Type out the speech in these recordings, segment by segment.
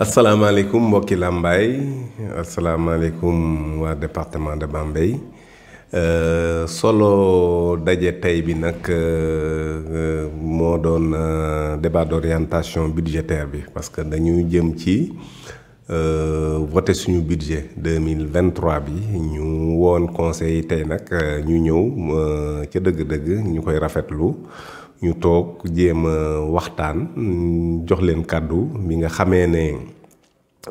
assalamu alaikum, assalamu alaikum wa département de Bambey euh, solo dajé tay bi euh, euh, débat d'orientation budgétaire bi parce que dañuy jëm ci voter suñu budget 2023 bi ñu won conseil tay nak ñu ñëw ci ñu toog jéem a waxtaan jox leen kàddu bi nga xamee ne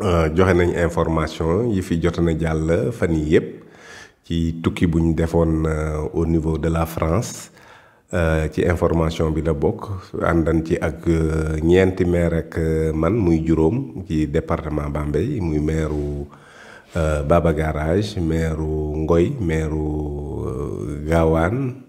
euh, joxe nañ information yi fi jot na jàll fan yi yëpp ci tukki bu ñu defoon euh, au niveau de la France euh, ci information bi la bokk àndan ci ak ñeenti maire ak man muy juróom ci département Bambey muy maireu Baba Garage maireu Ngoy maireu Gawane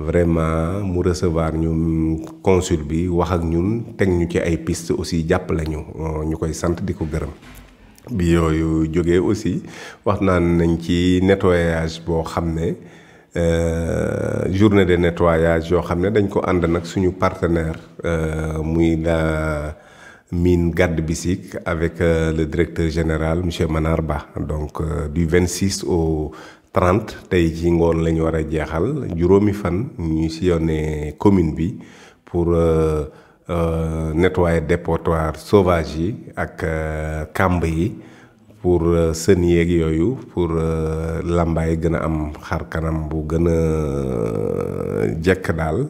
vraiment mu recevoir ñu consul bi wax ak ñun teg ñu ci ay piste aussi jàppale ñu euh, ñu koy sant di ko gërëm bi yooyu jógee aussi wax naan nañ ci nettoyage boo xam euh, journée de nettoyage yoo xam ne dañ ko ànd nag suñu partenaire euh, muy la mine garde bisik avec euh, le directeur général monsieur Manarba donc du 26 au 30 tey ci ngoon la ñu war a jeexal juróomi fan ñuy sillonné commune bi pour euh, euh, nettoyer dépotoir sauvage yi ak euh, kàmb yi pour sën yeeg yooyu pour làmbaay gën a am xar kanam bu gën a jekk daal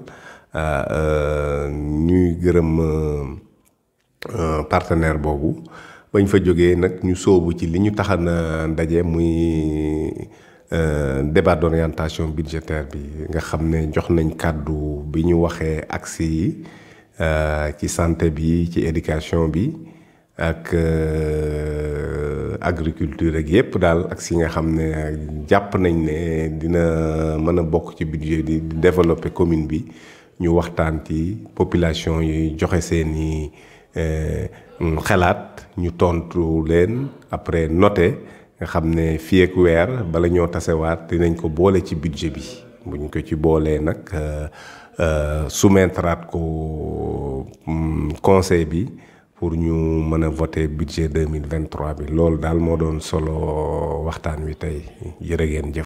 ñuy gërëm partenaire boobu bañ fa jógee nag ñu soobu ci li ñu taxan ndaje muy Euh, débat d'orientation budgétaire bi nga xamné jox nañ cadeau, bi ñu waxee accès yi euh, ci santé bi ci éducation bi ak euh, agriculture ak yépp daal ak si nga xam ne jàpp nañ ne dina mën a bokk ci budget di développer commune bi ñu waxtaan ci population yi joxe euh, xalaat ñu tontu leen après noter nga xam ne fii ak weer bala ñoo tasewaat dinañ ko boole ci budget bi buñ ko ci boolee nag euh, euh, soumettraat ko mm, conseil bi pour ñu mën a voter budget 2023 bi loolu daal moo doon solo euh, waxtaan wi tey jërë ngeen jëf